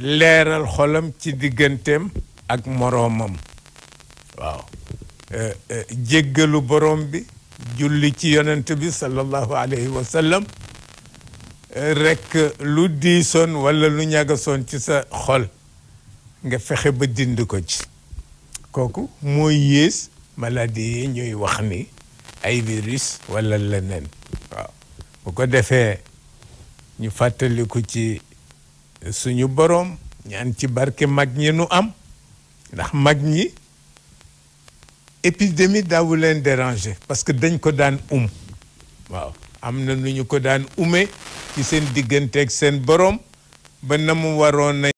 leeral xolam ci digganteem ak moroomam waaw eh, eh, jéggalu borom bi julli ci yonent bi sallallahu alayhi wa eh, rekk lu diisoon walla lu ñagasoon ci sa xol nga fexe ba dind ko ci kooku mooy yées maladie yi ñuy wax ni ay virus walla leneen waaw bu ko defee ñu fàttaliku ci suñu boroom ñaan ci barke mag ñi nu am ndax mag ñi épidémie daawu leen déranger parce que dañ ko daan um waaw am na nu ñu ko daan ume ci seen digganteeg seen boroom ba na mu waroon na